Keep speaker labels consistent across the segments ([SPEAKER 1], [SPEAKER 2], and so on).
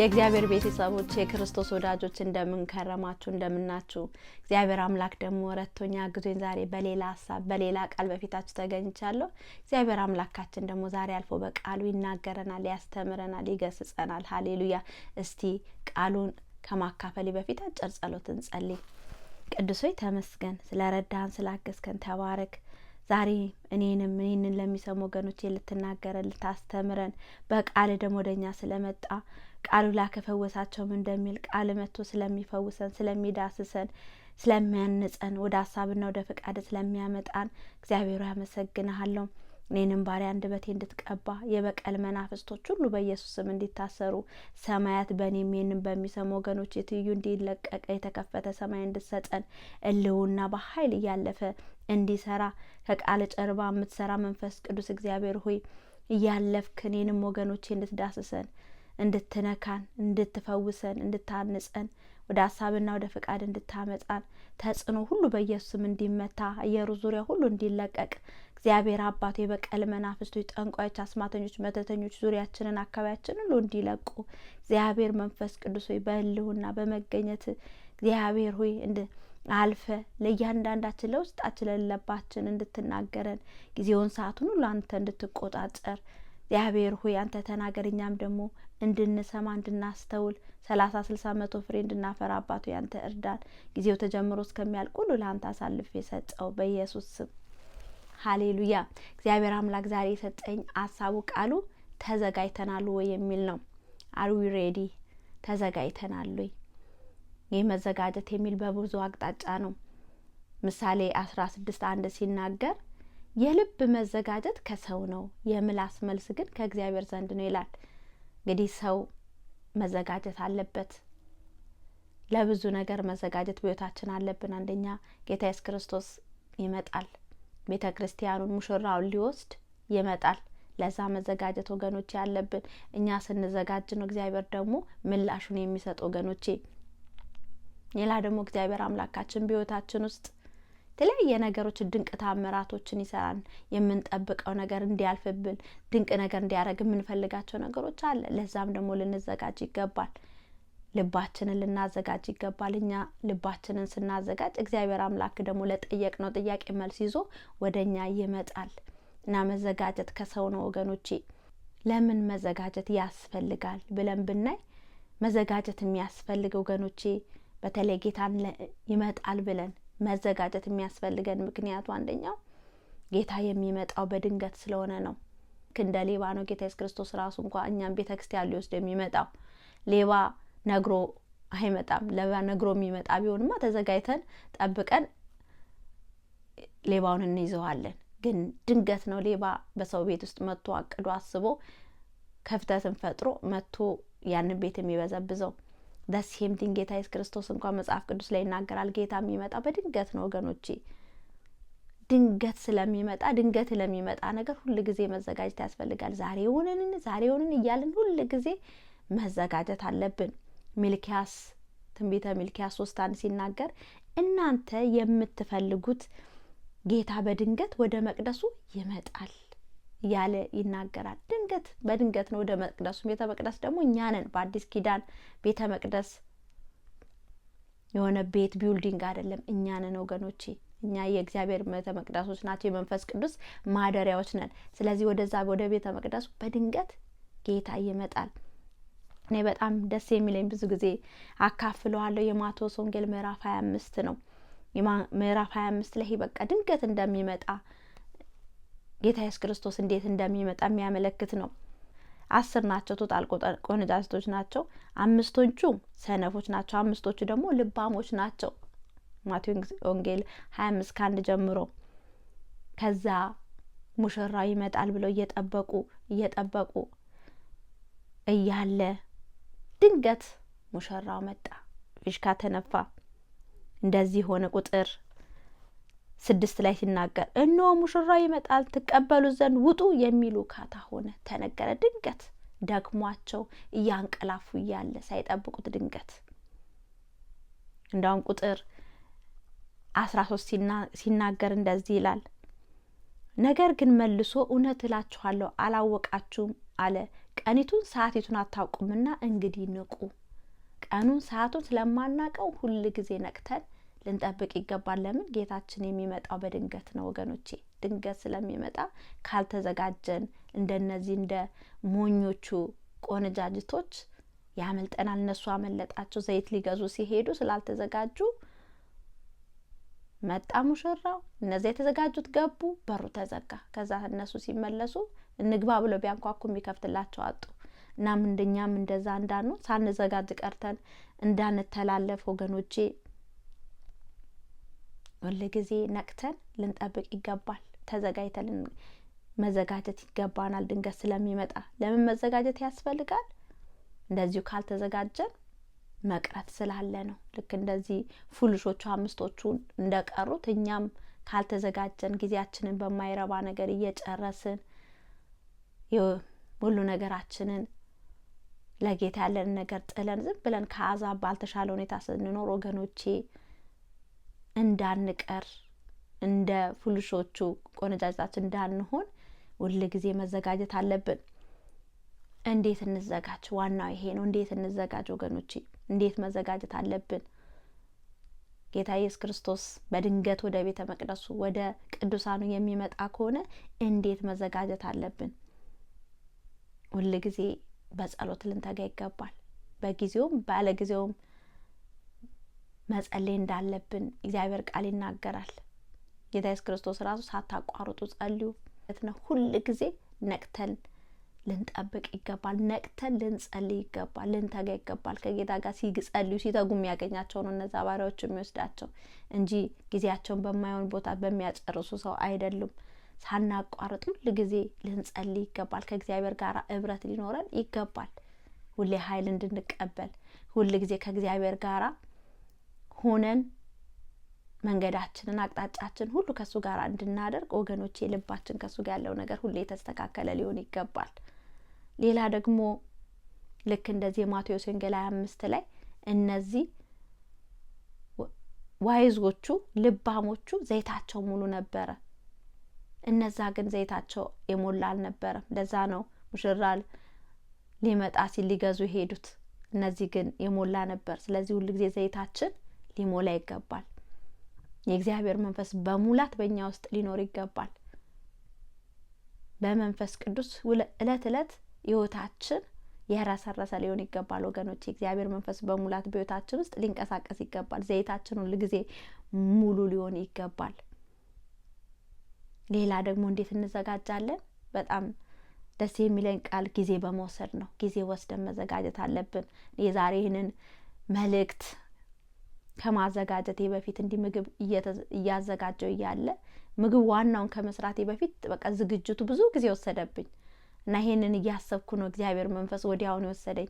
[SPEAKER 1] የእግዚአብሔር ቤተሰቦች የክርስቶስ ወዳጆች እንደምንከረማችሁ እንደምናችሁ፣ እግዚአብሔር አምላክ ደግሞ ረቶኛ ግዞኝ ዛሬ በሌላ ሀሳብ በሌላ ቃል በፊታችሁ ተገኝቻለሁ። እግዚአብሔር አምላካችን ደግሞ ዛሬ አልፎ በቃሉ ይናገረናል፣ ያስተምረናል፣ ይገስጸናል። ሀሌሉያ! እስቲ ቃሉን ከማካፈሌ በፊት አጭር ጸሎት እንጸልይ። ቅዱሶች ተመስገን፣ ስለ ረዳን ስላገዝከን ተባረክ። ዛሬ እኔንም እኔንን ለሚሰሙ ወገኖቼ ልትናገረን ልታስተምረን በቃል ደግሞ ወደኛ ስለመጣ ቃሉላ ከፈወሳቸውም እንደሚል ቃል መጥቶ ስለሚፈውሰን ስለሚዳስሰን ስለሚያንጸን ወደ ሀሳብና ወደ ፈቃድ ስለሚያመጣን እግዚአብሔሩ ያመሰግንሃለሁ። እኔንም ባሪያ አንደበቴ እንድትቀባ የበቀል መናፍስቶች ሁሉ በኢየሱስ ስም እንዲታሰሩ ሰማያት በእኔም ይህንን በሚሰሙ ወገኖች የትዩ እንዲለቀቀ የተከፈተ ሰማይ እንድትሰጠን እልውና በኃይል እያለፈ እንዲሰራ ከቃል ጀርባ የምትሰራ መንፈስ ቅዱስ እግዚአብሔር ሆይ እያለፍክ እኔንም ወገኖቼ እንድትዳስሰን እንድትነካን፣ እንድትፈውሰን፣ እንድታንጸን ወደ ሀሳብና ወደ ፍቃድ እንድታመጣን ተጽዕኖ ሁሉ በኢየሱስም እንዲመታ አየሩ ዙሪያ ሁሉ እንዲለቀቅ እግዚአብሔር አባቱ የበቀል መናፍስቶች፣ ጠንቋዮች፣ አስማተኞች፣ መተተኞች ዙሪያችንን አካባቢያችን ሁሉ እንዲለቁ እግዚአብሔር መንፈስ ቅዱስ ሆይ በህልውና በመገኘት እግዚአብሔር ሆይ እንድ አልፈ ለእያንዳንዳችን ለውስጣችን ለለባችን እንድትናገረን ጊዜውን ሰዓቱን ሁሉ አንተ እንድትቆጣጠር እግዚአብሔር ሆይ አንተ ተናገር፣ እኛም ደግሞ እንድንሰማ እንድናስተውል፣ ሰላሳ ስልሳ መቶ ፍሬ እንድናፈራ አባቱ ያንተ እርዳን። ጊዜው ተጀምሮ እስከሚያልቅ ሁሉ ለአንተ አሳልፍ የሰጠው በኢየሱስ ስም ሀሌሉያ። እግዚአብሔር አምላክ ዛሬ የሰጠኝ አሳቡ ቃሉ ተዘጋጅተናል ወይ የሚል ነው። አር ዊ ሬዲ? ተዘጋጅተናል ወይ? ይህ መዘጋጀት የሚል በብዙ አቅጣጫ ነው። ምሳሌ አስራ ስድስት አንድ ሲናገር የልብ መዘጋጀት ከሰው ነው፣ የምላስ መልስ ግን ከእግዚአብሔር ዘንድ ነው ይላል። እንግዲህ ሰው መዘጋጀት አለበት። ለብዙ ነገር መዘጋጀት በሕይወታችን አለብን። አንደኛ ጌታ ኢየሱስ ክርስቶስ ይመጣል። ቤተ ክርስቲያኑን ሙሽራውን ሊወስድ ይመጣል። ለዛ መዘጋጀት ወገኖቼ ያለብን እኛ ስንዘጋጅ ነው እግዚአብሔር ደግሞ ምላሹን የሚሰጥ ወገኖቼ። ሌላ ደግሞ እግዚአብሔር አምላካችን በሕይወታችን ውስጥ የተለያየ ነገሮች ድንቅ ታምራቶችን ይሰራል። የምንጠብቀው ነገር እንዲያልፍብን ድንቅ ነገር እንዲያደርግ የምንፈልጋቸው ነገሮች አለ። ለዛም ደግሞ ልንዘጋጅ ይገባል። ልባችንን ልናዘጋጅ ይገባል። እኛ ልባችንን ስናዘጋጅ እግዚአብሔር አምላክ ደግሞ ለጠየቅነው ጥያቄ መልስ ይዞ ወደ እኛ ይመጣል እና መዘጋጀት ከሰው ነው ወገኖቼ። ለምን መዘጋጀት ያስፈልጋል ብለን ብናይ መዘጋጀት የሚያስፈልግ ወገኖቼ በተለይ ጌታን ይመጣል ብለን መዘጋጀት የሚያስፈልገን ምክንያቱ አንደኛው ጌታ የሚመጣው በድንገት ስለሆነ ነው። እንደ ሌባ ነው ጌታ ክርስቶስ ራሱ እንኳ እኛም ቤተ ክርስቲያን ሊወስድ የሚመጣው ሌባ ነግሮ አይመጣም። ሌባ ነግሮ የሚመጣ ቢሆንማ ተዘጋጅተን ጠብቀን ሌባውን እንይዘዋለን። ግን ድንገት ነው ሌባ በሰው ቤት ውስጥ መጥቶ አቅዶ አስቦ ክፍተትን ፈጥሮ መጥቶ ያንን ቤት የሚበዘብዘው። ዘሴም ቲንግ ጌታ ኢየሱስ ክርስቶስ እንኳን መጽሐፍ ቅዱስ ላይ ይናገራል። ጌታ የሚመጣ በድንገት ነው ወገኖቼ። ድንገት ስለሚመጣ ድንገት ለሚመጣ ነገር ሁል ጊዜ መዘጋጀት ያስፈልጋል። ዛሬ ሆነን ዛሬ ሆነን እያልን ሁል ጊዜ መዘጋጀት አለብን። ሚልኪያስ ትንቢተ ሚልኪያስ ሶስት አንድ ሲናገር እናንተ የምትፈልጉት ጌታ በድንገት ወደ መቅደሱ ይመጣል እያለ ይናገራል። ድንገት በድንገት ነው ወደ መቅደሱ። ቤተ መቅደስ ደግሞ እኛ ነን። በአዲስ ኪዳን ቤተ መቅደስ የሆነ ቤት ቢውልዲንግ አይደለም፣ እኛ ነን ወገኖቼ። እኛ የእግዚአብሔር ቤተ መቅደሶች ናቸው፣ የመንፈስ ቅዱስ ማደሪያዎች ነን። ስለዚህ ወደዛ ወደ ቤተ መቅደሱ በድንገት ጌታ ይመጣል። እኔ በጣም ደስ የሚለኝ ብዙ ጊዜ አካፍለዋለሁ የማቴዎስ ወንጌል ምዕራፍ ሀያ አምስት ነው ምዕራፍ ሀያ አምስት ላይ በቃ ድንገት እንደሚመጣ ጌታ ኢየሱስ ክርስቶስ እንዴት እንደሚመጣ የሚያመለክት ነው። አስር ናቸው ቶጣል ቆነጃጅቶች ናቸው። አምስቶቹ ሰነፎች ናቸው። አምስቶቹ ደግሞ ልባሞች ናቸው። ማቴዎስ ወንጌል ሀያ አምስት ከአንድ ጀምሮ ከዛ ሙሽራ ይመጣል ብለው እየጠበቁ እየጠበቁ እያለ ድንገት ሙሽራው መጣ፣ ፊሽካ ተነፋ። እንደዚህ ሆነ ቁጥር ስድስት ላይ ሲናገር እነሆ ሙሽራ ይመጣል ትቀበሉ ዘንድ ውጡ የሚሉ ካታ ሆነ ተነገረ። ድንገት ደክሟቸው እያንቀላፉ እያለ ሳይጠብቁት ድንገት እንዳውም ቁጥር አስራ ሶስት ሲናገር እንደዚህ ይላል። ነገር ግን መልሶ እውነት እላችኋለሁ አላወቃችሁም አለ። ቀኒቱን ሰዓቲቱን አታውቁምና እንግዲህ ንቁ። ቀኑን ሰዓቱን ስለማናቀው ሁል ጊዜ ነቅተን ልንጠብቅ ይገባል። ለምን ጌታችን የሚመጣው በድንገት ነው ወገኖቼ። ድንገት ስለሚመጣ ካልተዘጋጀን እንደነዚህ እንደ ሞኞቹ ቆነጃጅቶች ያመልጠናል። እነሱ አመለጣቸው። ዘይት ሊገዙ ሲሄዱ ስላልተዘጋጁ መጣ ሙሽራው፣ እነዚያ የተዘጋጁት ገቡ፣ በሩ ተዘጋ። ከዛ እነሱ ሲመለሱ እንግባ ብለው ቢያንኳኩ የሚከፍትላቸው አጡ። እናም እንደኛም እንደዛ እንዳኑ ሳንዘጋጅ ቀርተን እንዳንተላለፍ ወገኖቼ ጊዜ ነቅተን ልንጠብቅ ይገባል። ተዘጋጅተን መዘጋጀት ይገባናል። ድንገት ስለሚመጣ ለምን መዘጋጀት ያስፈልጋል? እንደዚሁ ካልተዘጋጀን መቅረት ስላለ ነው። ልክ እንደዚህ ፉልሾቹ አምስቶቹ እንደቀሩት እኛም ካልተዘጋጀን ጊዜያችንን በማይረባ ነገር እየጨረስን ሁሉ ነገራችንን ለጌታ ያለን ነገር ጥለን ዝም ብለን ከአዛብ ባልተሻለ ሁኔታ ስንኖር ወገኖቼ እንዳንቀር እንደ ፉልሾቹ ቆነጃጅታች እንዳንሆን ሁል ጊዜ መዘጋጀት አለብን። እንዴት እንዘጋጅ? ዋናው ይሄ ነው። እንዴት እንዘጋጅ ወገኖቼ? እንዴት መዘጋጀት አለብን? ጌታ ኢየሱስ ክርስቶስ በድንገት ወደ ቤተ መቅደሱ ወደ ቅዱሳኑ የሚመጣ ከሆነ እንዴት መዘጋጀት አለብን? ሁል ጊዜ በጸሎት ልንተጋ ይገባል። በጊዜውም ባለ ጊዜውም መጸለይ እንዳለብን እግዚአብሔር ቃል ይናገራል። ጌታ ኢየሱስ ክርስቶስ ራሱ ሳታቋርጡ ጸልዩ ነ ሁል ጊዜ ነቅተን ልንጠብቅ ይገባል። ነቅተን ልንጸልይ ይገባል። ልንተጋ ይገባል። ከጌታ ጋር ሲጸልዩ ሲተጉ የሚያገኛቸው ነው እነዛ ባሪያዎች የሚወስዳቸው እንጂ ጊዜያቸውን በማይሆን ቦታ በሚያጨርሱ ሰው አይደሉም። ሳናቋርጥ ሁል ጊዜ ልንጸልይ ይገባል። ከእግዚአብሔር ጋር እብረት ሊኖረን ይገባል። ሁሌ ኃይል እንድንቀበል ሁል ጊዜ ከእግዚአብሔር ጋራ ሆነን መንገዳችንን አቅጣጫችን ሁሉ ከእሱ ጋር እንድናደርግ ወገኖች፣ የልባችን ከእሱ ጋር ያለው ነገር ሁሉ የተስተካከለ ሊሆን ይገባል። ሌላ ደግሞ ልክ እንደዚህ የማቴዎስ ወንጌል ሀያ አምስት ላይ እነዚህ ዋይዞቹ ልባሞቹ ዘይታቸው ሙሉ ነበረ፣ እነዛ ግን ዘይታቸው የሞላ አልነበረም። ለዛ ነው ሙሽራል ሊመጣ ሲል ሊገዙ የሄዱት። እነዚህ ግን የሞላ ነበር። ስለዚህ ሁልጊዜ ዘይታችን ሊሞላ ይገባል። የእግዚአብሔር መንፈስ በሙላት በእኛ ውስጥ ሊኖር ይገባል። በመንፈስ ቅዱስ እለት እለት ህይወታችን የረሰረሰ ሊሆን ይገባል። ወገኖች የእግዚአብሔር መንፈስ በሙላት በህይወታችን ውስጥ ሊንቀሳቀስ ይገባል። ዘይታችን ሁል ጊዜ ሙሉ ሊሆን ይገባል። ሌላ ደግሞ እንዴት እንዘጋጃለን? በጣም ደስ የሚለን ቃል ጊዜ በመውሰድ ነው። ጊዜ ወስደን መዘጋጀት አለብን። የዛሬ ይህንን መልእክት ከማዘጋጀቴ በፊት እንዲህ ምግብ እያዘጋጀው እያለ ምግብ ዋናውን ከመስራቴ በፊት በቃ ዝግጅቱ ብዙ ጊዜ ወሰደብኝ እና ይሄንን እያሰብኩ ነው እግዚአብሔር መንፈስ ወዲያውን የወሰደኝ።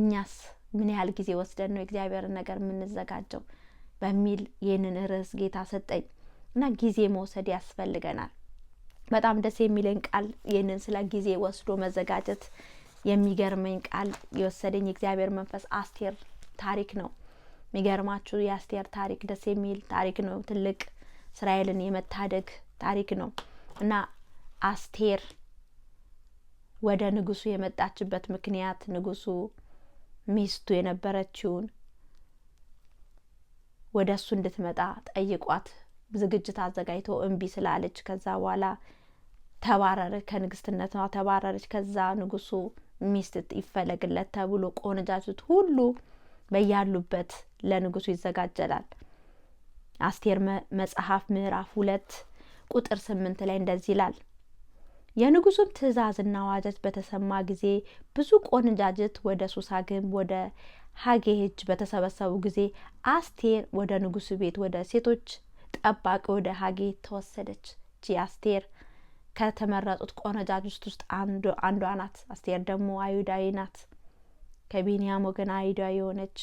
[SPEAKER 1] እኛስ ምን ያህል ጊዜ ወስደን ነው የእግዚአብሔርን ነገር የምንዘጋጀው በሚል ይህንን ርዕስ ጌታ ሰጠኝ እና ጊዜ መውሰድ ያስፈልገናል። በጣም ደስ የሚለኝ ቃል ይህንን ስለ ጊዜ ወስዶ መዘጋጀት የሚገርመኝ ቃል የወሰደኝ የእግዚአብሔር መንፈስ አስቴር ታሪክ ነው። የሚገርማችሁ የአስቴር ታሪክ ደስ የሚል ታሪክ ነው። ትልቅ እስራኤልን የመታደግ ታሪክ ነው እና አስቴር ወደ ንጉሱ የመጣችበት ምክንያት ንጉሱ ሚስቱ የነበረችውን ወደ እሱ እንድትመጣ ጠይቋት ዝግጅት አዘጋጅቶ እምቢ ስላለች ከዛ በኋላ ተባረረች። ከንግስትነቷ ተባረረች። ከዛ ንጉሱ ሚስት ይፈለግለት ተብሎ ቆነጃጅት ሁሉ በያሉበት ለንጉሱ ይዘጋጀላል። አስቴር መጽሐፍ ምዕራፍ ሁለት ቁጥር ስምንት ላይ እንደዚህ ይላል። የንጉሱም ትእዛዝና ዋጀት በተሰማ ጊዜ ብዙ ቆንጃጅት ወደ ሱሳ ግንብ ወደ ሀጌ እጅ በተሰበሰቡ ጊዜ አስቴር ወደ ንጉሱ ቤት ወደ ሴቶች ጠባቂ ወደ ሀጌ ተወሰደች። ቺ አስቴር ከተመረጡት ቆነጃጅት ውስጥ አንዷ ናት። አስቴር ደግሞ አይሁዳዊ ናት። ከቢንያም ወገን አይዳ የሆነች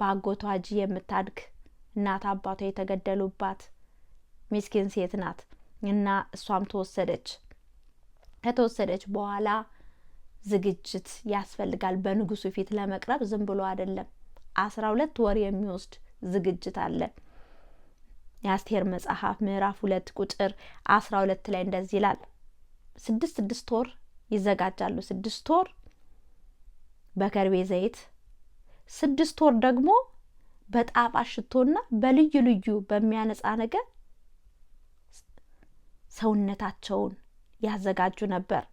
[SPEAKER 1] በአጎቷ እጅ የምታድግ እናት አባቷ የተገደሉባት ሚስኪን ሴት ናት እና እሷም ተወሰደች። ከተወሰደች በኋላ ዝግጅት ያስፈልጋል። በንጉሱ ፊት ለመቅረብ ዝም ብሎ አይደለም። አስራ ሁለት ወር የሚወስድ ዝግጅት አለ። የአስቴር መጽሐፍ ምዕራፍ ሁለት ቁጥር አስራ ሁለት ላይ እንደዚህ ይላል። ስድስት ስድስት ወር ይዘጋጃሉ። ስድስት ወር በከርቤ ዘይት፣ ስድስት ወር ደግሞ በጣፋጭ ሽቶና በልዩ ልዩ በሚያነጻ ነገር ሰውነታቸውን ያዘጋጁ ነበር።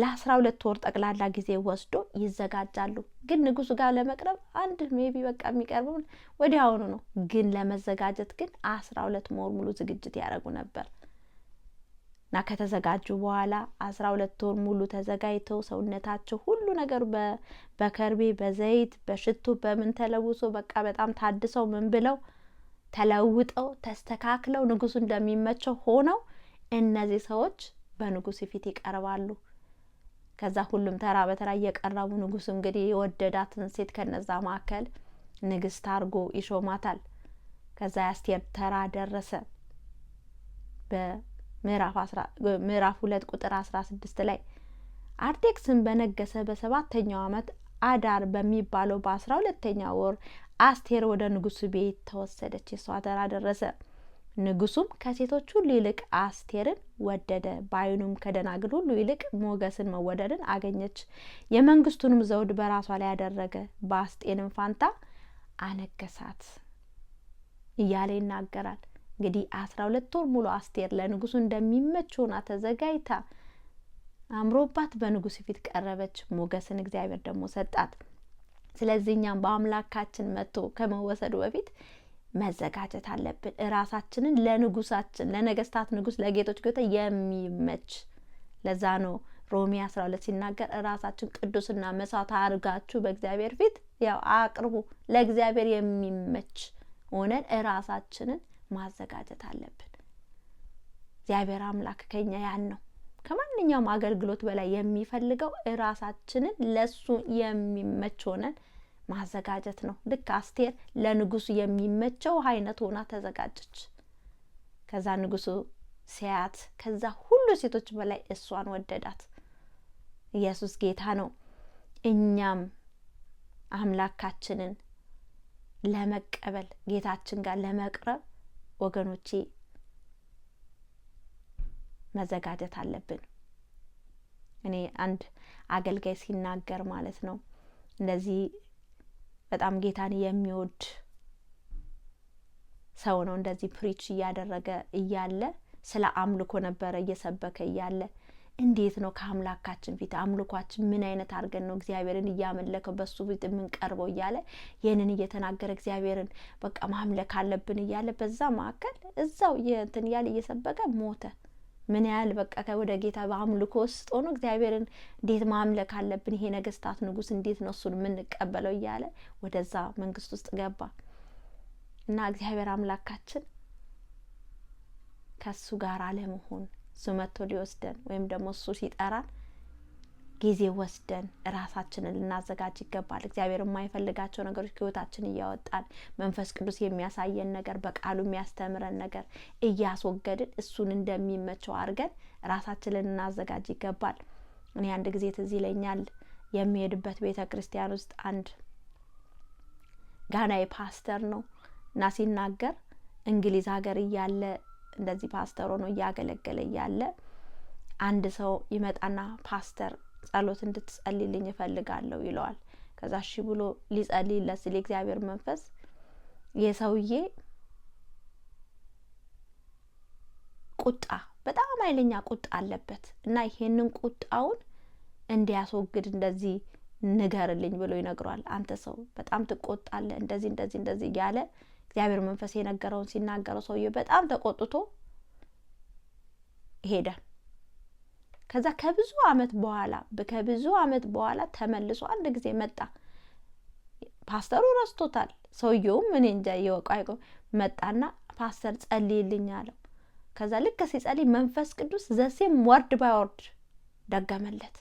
[SPEAKER 1] ለአስራ ሁለት ወር ጠቅላላ ጊዜ ወስዶ ይዘጋጃሉ። ግን ንጉሱ ጋር ለመቅረብ አንድ ሜቢ በቃ የሚቀርበው ወዲያውኑ ነው። ግን ለመዘጋጀት ግን አስራ ሁለት ወር ሙሉ ዝግጅት ያደረጉ ነበር። እና ከተዘጋጁ በኋላ አስራ ሁለት ወር ሙሉ ተዘጋጅተው ሰውነታቸው ሁሉ ነገር በከርቤ በዘይት በሽቱ በምን ተለውሶ በቃ በጣም ታድሰው ምን ብለው ተለውጠው ተስተካክለው ንጉሱ እንደሚመቸው ሆነው እነዚህ ሰዎች በንጉሱ ፊት ይቀርባሉ። ከዛ ሁሉም ተራ በተራ እየቀረቡ ንጉሱ እንግዲህ የወደዳትን ሴት ከነዛ መካከል ንግስት አድርጎ ይሾማታል። ከዛ ያስቴር ተራ ደረሰ። ምዕራፍ ሁለት ቁጥር አስራ ስድስት ላይ አርቴክስን በነገሰ በሰባተኛው ዓመት አዳር በሚባለው በአስራ ሁለተኛ ወር አስቴር ወደ ንጉሱ ቤት ተወሰደች፣ የሷ አደረሰ። ደረሰ። ንጉሱም ከሴቶች ሁሉ ይልቅ አስቴርን ወደደ። በአይኑም ከደናግል ሁሉ ይልቅ ሞገስን መወደድን አገኘች። የመንግስቱንም ዘውድ በራሷ ላይ ያደረገ፣ በአስጤንም ፋንታ አነገሳት እያለ ይናገራል። እንግዲህ አስራ ሁለት ወር ሙሉ አስቴር ለንጉሱ እንደሚመች ሆና ተዘጋጅታ አምሮባት በንጉሱ ፊት ቀረበች። ሞገስን እግዚአብሔር ደግሞ ሰጣት። ስለዚህ እኛም በአምላካችን መጥቶ ከመወሰዱ በፊት መዘጋጀት አለብን። እራሳችንን ለንጉሳችን ለነገስታት ንጉስ ለጌቶች ጌታ የሚመች ለዛ ነው ሮሚ አስራ ሁለት ሲናገር እራሳችን ቅዱስና መስዋዕት አድርጋችሁ በእግዚአብሔር ፊት ያው አቅርቡ ለእግዚአብሔር የሚመች ሆነን እራሳችንን ማዘጋጀት አለብን። እግዚአብሔር አምላክ ከኛ ያን ነው ከማንኛውም አገልግሎት በላይ የሚፈልገው እራሳችንን ለሱ የሚመች ሆነን ማዘጋጀት ነው። ልክ አስቴር ለንጉሱ የሚመቸው አይነት ሆና ተዘጋጀች። ከዛ ንጉሱ ሲያያት ከዛ ሁሉ ሴቶች በላይ እሷን ወደዳት። ኢየሱስ ጌታ ነው። እኛም አምላካችንን ለመቀበል ጌታችን ጋር ለመቅረብ ወገኖቼ መዘጋጀት አለብን። እኔ አንድ አገልጋይ ሲናገር ማለት ነው እንደዚህ በጣም ጌታን የሚወድ ሰው ነው። እንደዚህ ፕሪች እያደረገ እያለ ስለ አምልኮ ነበረ እየሰበከ እያለ እንዴት ነው ከአምላካችን ፊት አምልኳችን ምን አይነት አድርገን ነው እግዚአብሔርን እያመለከው በሱ ፊት የምንቀርበው እያለ ይህንን እየተናገረ እግዚአብሔርን በቃ ማምለክ አለብን እያለ በዛ መካከል እዛው እንትን እያለ እየሰበቀ ሞተ። ምን ያህል በቃ ወደ ጌታ በአምልኮ ውስጥ ሆኖ እግዚአብሔርን እንዴት ማምለክ አለብን፣ ይሄ ነገስታት ንጉስ እንዴት ነው እሱን የምንቀበለው እያለ ወደዛ መንግስት ውስጥ ገባ እና እግዚአብሔር አምላካችን ከሱ ጋር አለመሆን እሱ መጥቶ ሊወስደን ወይም ደግሞ እሱ ሲጠራን ጊዜ ወስደን ራሳችንን ልናዘጋጅ ይገባል። እግዚአብሔር የማይፈልጋቸው ነገሮች ከህይወታችን እያወጣን መንፈስ ቅዱስ የሚያሳየን ነገር፣ በቃሉ የሚያስተምረን ነገር እያስወገድን እሱን እንደሚመቸው አድርገን ራሳችንን ልናዘጋጅ ይገባል። እኔ አንድ ጊዜ ትዝ ይለኛል የሚሄድበት ቤተ ክርስቲያን ውስጥ አንድ ጋናዊ ፓስተር ነው እና ሲናገር እንግሊዝ ሀገር እያለ እንደዚህ ፓስተር ሆኖ እያገለገለ እያለ አንድ ሰው ይመጣና ፓስተር ጸሎት እንድትጸልይልኝ እፈልጋለሁ ይለዋል። ከዛ እሺ ብሎ ሊጸልይለት ሲል የእግዚአብሔር መንፈስ የሰውዬ ቁጣ በጣም ኃይለኛ ቁጣ አለበት እና ይሄንን ቁጣውን እንዲያስወግድ እንደዚህ ንገርልኝ ብሎ ይነግሯል። አንተ ሰው በጣም ትቆጣለህ፣ እንደዚህ እንደዚህ እንደዚህ እያለ እግዚአብሔር መንፈስ የነገረውን ሲናገረው ሰውዬ በጣም ተቆጥቶ ሄደ። ከዛ ከብዙ አመት በኋላ ከብዙ አመት በኋላ ተመልሶ አንድ ጊዜ መጣ። ፓስተሩ ረስቶታል። ሰውየውም እኔ እንጃ እየወቀ መጣና ፓስተር ጸልይልኝ አለው። ከዛ ልክ ሲጸልይ መንፈስ ቅዱስ ዘሴም ወርድ ባይ ወርድ ደገመለት።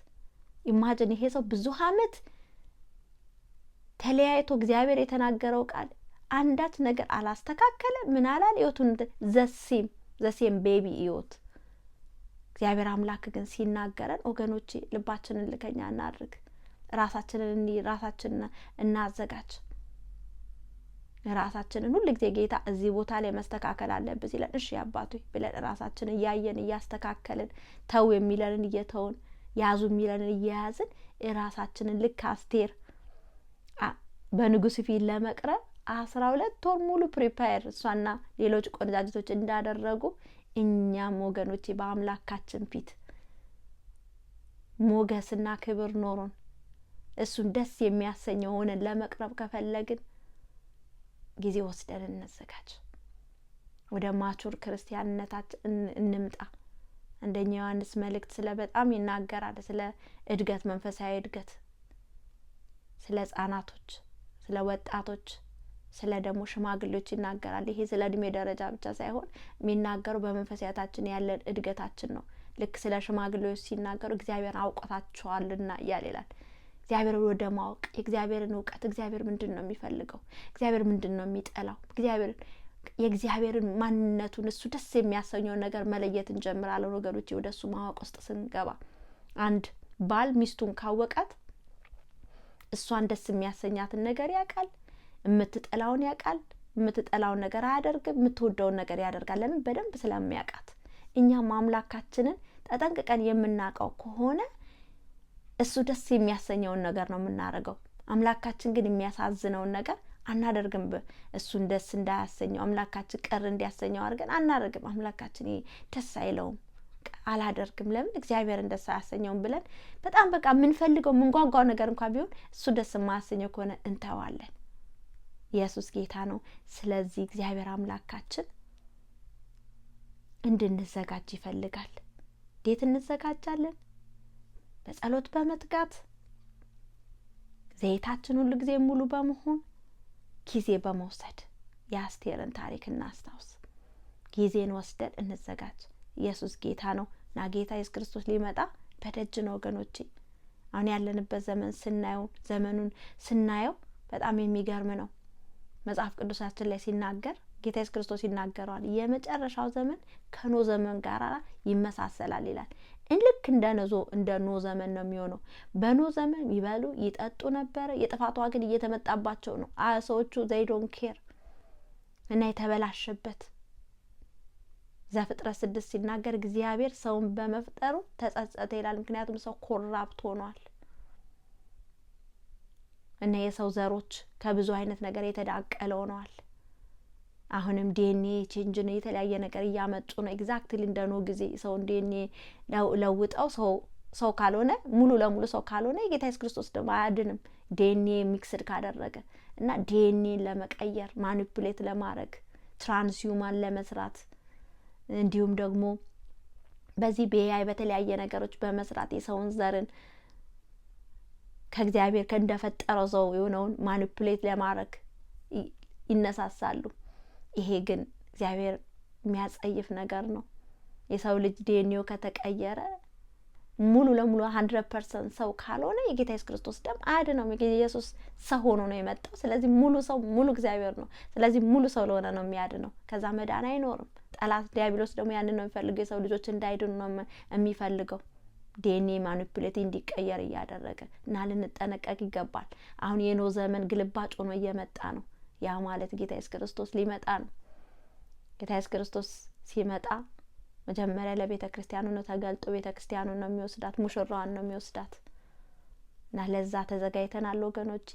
[SPEAKER 1] ኢማጅን ይሄ ሰው ብዙ አመት ተለያይቶ እግዚአብሔር የተናገረው ቃል አንዳች ነገር አላስተካከለ ምን አላል ህይወቱን ዘሴም ዘሴም ቤቢ ህይወት እግዚአብሔር አምላክ ግን ሲናገረን ወገኖቼ ልባችንን ልከኛ እናድርግ። ራሳችንን እኒ ራሳችንን እናዘጋጅ። ራሳችንን ሁል ጊዜ ጌታ እዚህ ቦታ ላይ መስተካከል አለብን ሲለን እሺ አባቱ ብለን ራሳችን እያየን እያስተካከልን ተው የሚለንን እየተውን ያዙ የሚለንን እየያዝን ራሳችንን ልክ አስቴር በንጉስ ፊት ለመቅረብ አስራ ሁለት ወር ሙሉ ፕሪፓየር እሷና ሌሎች ቆነጃጅቶች እንዳደረጉ እኛም ወገኖች በአምላካችን ፊት ሞገስና ክብር ኖሮን እሱን ደስ የሚያሰኘው ሆነን ለመቅረብ ከፈለግን ጊዜ ወስደን እንዘጋጅ፣ ወደ ማቹር ክርስቲያንነታችን እንምጣ። አንደኛ ዮሐንስ መልእክት ስለ በጣም ይናገራል። ስለ እድገት፣ መንፈሳዊ እድገት፣ ስለ ህጻናቶች፣ ስለ ወጣቶች ስለ ደግሞ ሽማግሌዎች ይናገራል። ይሄ ስለ እድሜ ደረጃ ብቻ ሳይሆን የሚናገሩ በመንፈሳያታችን ያለን እድገታችን ነው። ልክ ስለ ሽማግሌዎች ሲናገሩ እግዚአብሔርን አውቀታቸዋልና እያል ይላል። እግዚአብሔር ወደ ማወቅ የእግዚአብሔርን እውቀት እግዚአብሔር ምንድን ነው የሚፈልገው? እግዚአብሔር ምንድን ነው የሚጠላው? እግዚአብሔር የእግዚአብሔርን ማንነቱን እሱ ደስ የሚያሰኘውን ነገር መለየት እንጀምራለን ወገኖች። ወደ እሱ ማወቅ ውስጥ ስንገባ አንድ ባል ሚስቱን ካወቃት እሷን ደስ የሚያሰኛትን ነገር ያውቃል። የምትጠላውን ያውቃል። የምትጠላውን ነገር አያደርግም። የምትወደውን ነገር ያደርጋል። ለምን? በደንብ ስለሚያውቃት። እኛም አምላካችንን ተጠንቅቀን የምናውቀው ከሆነ እሱ ደስ የሚያሰኘውን ነገር ነው የምናደርገው። አምላካችን ግን የሚያሳዝነውን ነገር አናደርግም። እሱን ደስ እንዳያሰኘው አምላካችን ቅር እንዲያሰኘው አድርገን አናደርግም። አምላካችን ደስ አይለውም፣ አላደርግም። ለምን? እግዚአብሔርን ደስ አያሰኘውም ብለን በጣም በቃ የምንፈልገው የምንጓጓው ነገር እንኳ ቢሆን እሱ ደስ የማያሰኘው ከሆነ እንተዋለን። ኢየሱስ ጌታ ነው። ስለዚህ እግዚአብሔር አምላካችን እንድንዘጋጅ ይፈልጋል። እንዴት እንዘጋጃለን? በጸሎት በመትጋት ዘይታችን ሁሉ ጊዜ ሙሉ በመሆን ጊዜ በመውሰድ የአስቴርን ታሪክ እናስታውስ። ጊዜን ወስደን እንዘጋጅ። ኢየሱስ ጌታ ነው እና ጌታ ኢየሱስ ክርስቶስ ሊመጣ በደጅ ነው ወገኖቼ። አሁን ያለንበት ዘመን ስናየው ዘመኑን ስናየው በጣም የሚገርም ነው። መጽሐፍ ቅዱሳችን ላይ ሲናገር ጌታ ኢየሱስ ክርስቶስ ይናገረዋል። የመጨረሻው ዘመን ከኖ ዘመን ጋር ይመሳሰላል ይላል። ልክ እንደ ኖ እንደ ኖ ዘመን ነው የሚሆነው። በኖ ዘመን ይበሉ ይጠጡ ነበረ። የጥፋት ዋጋ ግን እየተመጣባቸው ነው። ሰዎቹ ዘይዶን ኬር እና የተበላሸበት ዘፍጥረት ስድስት ሲናገር እግዚአብሔር ሰውን በመፍጠሩ ተጸጸተ ይላል። ምክንያቱም ሰው ኮራፕት ሆኗል። እና የሰው ዘሮች ከብዙ አይነት ነገር የተዳቀለ ሆነዋል። አሁንም ዲኤንኤ ቼንጅን የተለያየ ነገር እያመጡ ነው። ኤግዛክትሊ እንደ ኖህ ጊዜ ሰውን ዲኤንኤ ለውጠው ሰው ሰው ካልሆነ ሙሉ ለሙሉ ሰው ካልሆነ የጌታ ኢየሱስ ክርስቶስ ደግሞ አያድንም ዲኤንኤ ሚክስድ ካደረገ እና ዲኤንኤን ለመቀየር ማኒፑሌት ለማድረግ ትራንስዩማን ለመስራት እንዲሁም ደግሞ በዚህ በኤአይ በተለያየ ነገሮች በመስራት የሰውን ዘርን ከእግዚአብሔር ከእንደፈጠረው ሰው የሆነውን ማኒፕሌት ለማድረግ ይነሳሳሉ። ይሄ ግን እግዚአብሔር የሚያጸይፍ ነገር ነው። የሰው ልጅ ዴኒዮ ከተቀየረ ሙሉ ለሙሉ ሀንድረድ ፐርሰንት ሰው ካልሆነ የጌታ ኢየሱስ ክርስቶስ ደም አድ ነው። ኢየሱስ ሰው ሆኖ ነው የመጣው። ስለዚህ ሙሉ ሰው ሙሉ እግዚአብሔር ነው። ስለዚህ ሙሉ ሰው ለሆነ ነው የሚያድ ነው። ከዛ መዳን አይኖርም። ጠላት ዲያብሎስ ደግሞ ያንን ነው የሚፈልገው። የሰው ልጆች እንዳይድኑ ነው የሚፈልገው። ዲኤንኤ ማኒፕሌት እንዲቀየር እያደረገ እና ልንጠነቀቅ ይገባል። አሁን የኖ ዘመን ግልባጭ ሆኖ እየመጣ ነው። ያ ማለት ጌታ ኢየሱስ ክርስቶስ ሊመጣ ነው። ጌታ ኢየሱስ ክርስቶስ ሲመጣ መጀመሪያ ለቤተ ክርስቲያኑ ነው ተገልጦ ቤተ ክርስቲያኑ ነው የሚወስዳት፣ ሙሽራዋን ነው የሚወስዳት እና ለዛ ተዘጋጅተናል ወገኖቼ።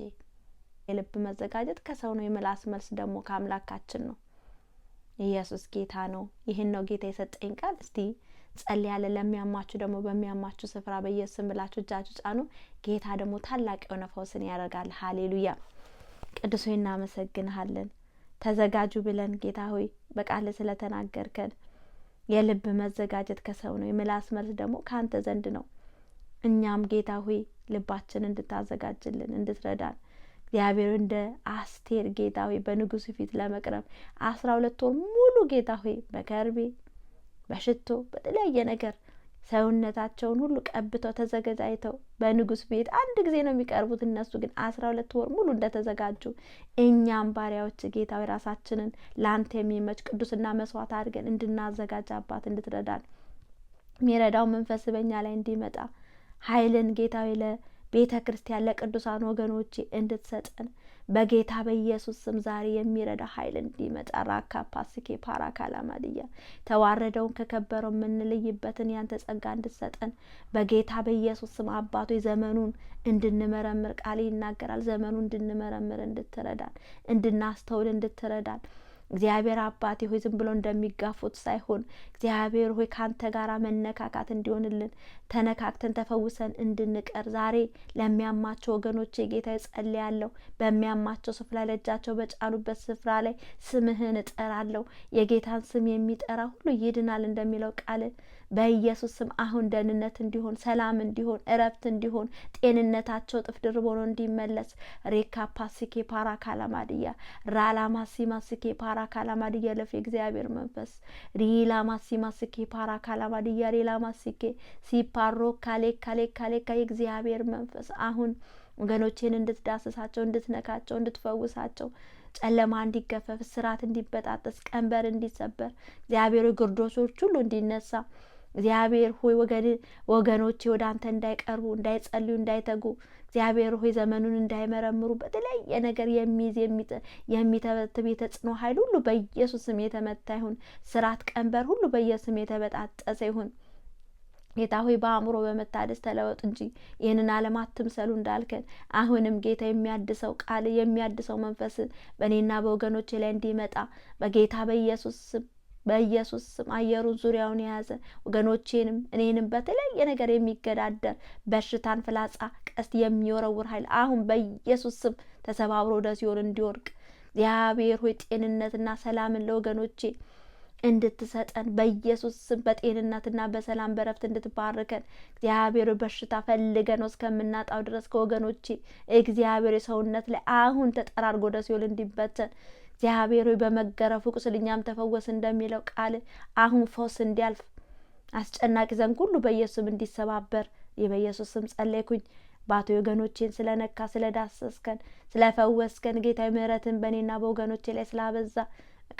[SPEAKER 1] የልብ መዘጋጀት ከሰው ነው፣ የምላስ መልስ ደግሞ ከአምላካችን ነው። ኢየሱስ ጌታ ነው። ይህን ነው ጌታ የሰጠኝ ቃል እስቲ ጸልያለ ለሚያማችሁ ደግሞ በሚያማችሁ ስፍራ በኢየሱስም ብላችሁ እጃችሁ ጫኑ። ጌታ ደግሞ ታላቅ የሆነ ፈውስን ያደርጋል። ሀሌሉያ። ቅዱስ ሆይ እናመሰግንሃለን። ተዘጋጁ ብለን ጌታ ሆይ በቃል ስለተናገርከን የልብ መዘጋጀት ከሰው ነው፣ የምላስ መልስ ደግሞ ከአንተ ዘንድ ነው። እኛም ጌታ ሆይ ልባችን እንድታዘጋጅልን እንድትረዳን እግዚአብሔር እንደ አስቴር ጌታ ሆይ በንጉሱ ፊት ለመቅረብ አስራ ሁለት ወር ሙሉ ጌታ ሆይ በከርቤ በሽቶ በተለያየ ነገር ሰውነታቸውን ሁሉ ቀብተው ተዘገጃጅተው በንጉስ ቤት አንድ ጊዜ ነው የሚቀርቡት። እነሱ ግን አስራ ሁለት ወር ሙሉ እንደተዘጋጁ እኛም ባሪያዎች ጌታዊ ራሳችንን ለአንተ የሚመች ቅዱስና መስዋዕት አድርገን እንድናዘጋጅ አባት እንድትረዳን የሚረዳው መንፈስ በኛ ላይ እንዲመጣ ኃይልን ጌታዊ ለቤተ ክርስቲያን ለቅዱሳን ወገኖቼ እንድትሰጠን በጌታ በኢየሱስ ስም ዛሬ የሚረዳ ኃይል እንዲመጣ ራካ ፓስኬ ፓራ ካላማድያ ተዋረደውን ከከበረው የምንለይበትን ያንተ ጸጋ እንድሰጠን በጌታ በኢየሱስ ስም አባቶ ዘመኑን እንድንመረምር ቃል ይናገራል። ዘመኑ እንድንመረምር እንድትረዳን፣ እንድናስተውል እንድትረዳን እግዚአብሔር አባቴ ሆይ ዝም ብሎ እንደሚጋፉት ሳይሆን እግዚአብሔር ሆይ ከአንተ ጋር መነካካት እንዲሆንልን ተነካክተን ተፈውሰን እንድንቀር ዛሬ ለሚያማቸው ወገኖቼ ጌታ እጸልያለሁ። በሚያማቸው ስፍራ ለእጃቸው በጫኑበት ስፍራ ላይ ስምህን እጠራለሁ። የጌታን ስም የሚጠራ ሁሉ ይድናል እንደሚለው ቃል በኢየሱስ ስም አሁን ደህንነት እንዲሆን፣ ሰላም እንዲሆን፣ እረፍት እንዲሆን፣ ጤንነታቸው ጥፍ ድርብ ሆኖ እንዲመለስ ሬካ ፓሲኬ ፓራ ካላማድያ ራላ ማሲ ማስኬ ፓራ ካላማድያ ለፍ እግዚአብሔር መንፈስ ሪላ ማሲ ማስኬ ፓራ ካላማድያ ሬላ ሲፓሮ ካሌ ካሌ ካሌ የእግዚአብሔር መንፈስ አሁን ወገኖቼን እንድትዳስሳቸው፣ እንድትነካቸው፣ እንድትፈውሳቸው ጨለማ እንዲገፈፍ፣ ስራት እንዲበጣጠስ፣ ቀንበር እንዲሰበር እግዚአብሔር ግርዶሾች ሁሉ እንዲነሳ እግዚአብሔር ሆይ ወገኖቼ ወደ አንተ እንዳይቀርቡ፣ እንዳይጸልዩ፣ እንዳይተጉ እግዚአብሔር ሆይ ዘመኑን እንዳይመረምሩ በተለያየ ነገር የሚይዝ የሚተበትብ የተጽዕኖ ኃይል ሁሉ በኢየሱስ ስም የተመታ ይሁን። ስራት ቀንበር ሁሉ ስም የተበጣጠሰ ይሁን። ጌታ ሆይ በአእምሮ በመታደስ ተለወጥ እንጂ ይህንን ዓለም አትምሰሉ እንዳልከን፣ አሁንም ጌታ የሚያድሰው ቃል የሚያድሰው መንፈስ በእኔና በወገኖቼ ላይ እንዲመጣ በጌታ በኢየሱስ ስም በኢየሱስ ስም አየሩን ዙሪያውን የያዘ ወገኖቼንም እኔንም በተለያየ ነገር የሚገዳደር በሽታን ፍላጻ ቀስት የሚወረውር ኃይል አሁን በኢየሱስ ስም ተሰባብሮ ወደ ሲኦል እንዲወርቅ እግዚአብሔር ሆይ ጤንነትና ሰላምን ለወገኖቼ እንድትሰጠን በኢየሱስ ስም በጤንነትና በሰላም በረፍት እንድትባርከን እግዚአብሔር በሽታ ፈልገን እስከምናጣው ድረስ ከወገኖቼ እግዚአብሔር የሰውነት ላይ አሁን ተጠራርጎ ወደ ሲኦል እንዲበተን እግዚአብሔር ሆይ በመገረፉ ቁስል እኛም ተፈወስ እንደሚለው ቃል አሁን ፈውስ እንዲያልፍ አስጨናቂ ዘንግ ሁሉ በኢየሱስም እንዲሰባበር በኢየሱስ ስም ጸለይኩኝ። በአቶ ወገኖቼን ስለነካ ስለዳሰስከን ስለፈወስከን ጌታዊ ምሕረትን በእኔና በወገኖቼ ላይ ስላበዛ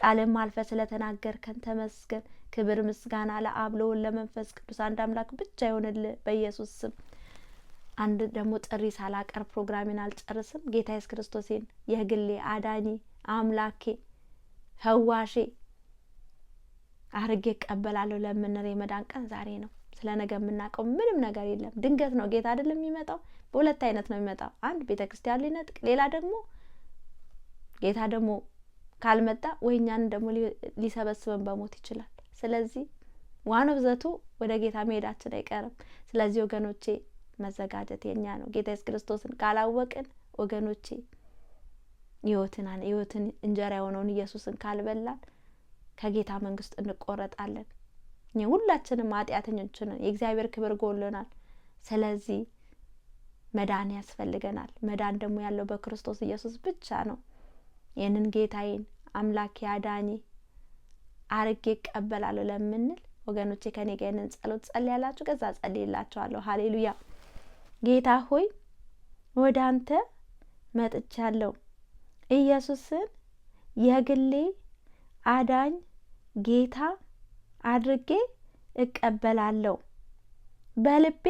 [SPEAKER 1] ቃልም አልፈ ስለተናገርከን ተመስገን። ክብር ምስጋና ለአብ ለወልድ ለመንፈስ ቅዱስ አንድ አምላክ ብቻ ይሆንልህ በኢየሱስ ስም። አንድ ደግሞ ጥሪ ሳላቀር ፕሮግራሜን አልጨርስም። ጌታ ኢየሱስ ክርስቶሴን የግሌ አዳኝ አምላኬ ህዋሼ አርጌ እቀበላለሁ ለምንል የመዳን ቀን ዛሬ ነው። ስለ ነገ የምናውቀው ምንም ነገር የለም። ድንገት ነው ጌታ አይደለም የሚመጣው። በሁለት አይነት ነው የሚመጣው፣ አንድ ቤተ ክርስቲያን ሊነጥቅ፣ ሌላ ደግሞ ጌታ ደግሞ ካልመጣ ወይ እኛን ደግሞ ሊሰበስበን በሞት ይችላል። ስለዚህ ዋናው ብዘቱ ወደ ጌታ መሄዳችን አይቀርም። ስለዚህ ወገኖቼ መዘጋጀት የኛ ነው። ጌታ ኢየሱስ ክርስቶስን ካላወቅን ወገኖቼ ህይወትን እንጀራ የሆነውን ኢየሱስን ካልበላን ከጌታ መንግስት እንቆረጣለን። ሁላችንም ኃጢአተኞች ነን። የእግዚአብሔር ክብር ጎሎናል። ስለዚህ መዳን ያስፈልገናል። መዳን ደግሞ ያለው በክርስቶስ ኢየሱስ ብቻ ነው። ይህንን ጌታዬን አምላኬ አዳኜ አርጌ እቀበላለሁ ለምንል ወገኖቼ ከኔ ጋር ይህንን ጸሎት ጸልያላችሁ፣ ከዛ ጸልይላችኋለሁ። ሀሌሉያ። ጌታ ሆይ ወደ አንተ መጥቻለሁ ኢየሱስን የግሌ አዳኝ ጌታ አድርጌ እቀበላለሁ። በልቤ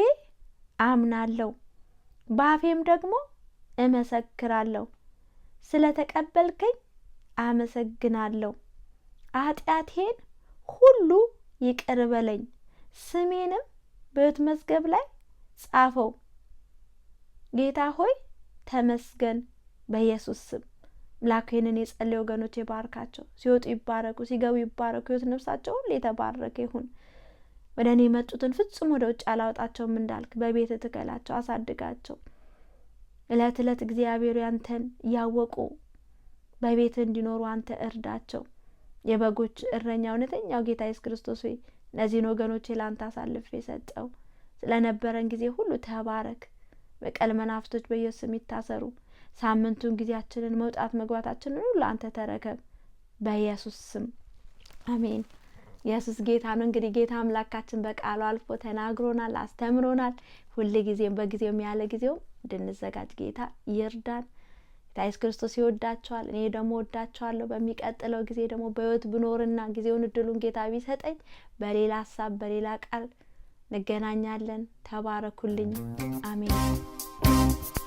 [SPEAKER 1] አምናለሁ፣ በአፌም ደግሞ እመሰክራለሁ። ተቀበልከኝ አመሰግናለሁ። ኃጢአቴን ሁሉ ይቅር በለኝ፣ ስሜንም በሕይወት መዝገብ ላይ ጻፈው። ጌታ ሆይ ተመስገን፣ በኢየሱስ ስም ላክ ይህንን ወገኖች የባርካቸው። ሲወጡ ይባረኩ፣ ሲገቡ ይባረኩ። ህይወት ነፍሳቸው ሁሉ የተባረከ ይሁን። ወደ እኔ የመጡትን ፍጹም ወደ ውጭ አላወጣቸውም እንዳልክ በቤት ትከላቸው፣ አሳድጋቸው። እለት እለት እግዚአብሔር ያንተን እያወቁ በቤት እንዲኖሩ አንተ እርዳቸው። የበጎች እረኛ እውነተኛው ጌታ ኢየሱስ ክርስቶስ ሆይ እነዚህን ወገኖቼ ለአንተ አሳልፍ የሰጠው ስለነበረን ጊዜ ሁሉ ተባረክ። በቀል መናፍቶች በኢየሱስ ስም ይታሰሩ። ሳምንቱን ጊዜያችንን መውጣት መግባታችንን ሁሉ አንተ ተረከብ በኢየሱስ ስም አሜን። ኢየሱስ ጌታ ነው። እንግዲህ ጌታ አምላካችን በቃሉ አልፎ ተናግሮናል፣ አስተምሮናል። ሁል ጊዜም በጊዜውም ያለ ጊዜውም እንድንዘጋጅ ጌታ ይርዳን። ጌታ ኢየሱስ ክርስቶስ ይወዳቸዋል፣ እኔ ደግሞ ወዳቸዋለሁ። በሚቀጥለው ጊዜ ደግሞ በህይወት ብኖርና ጊዜውን እድሉን ጌታ ቢሰጠኝ በሌላ ሀሳብ በሌላ ቃል እንገናኛለን። ተባረኩልኝ። አሜን።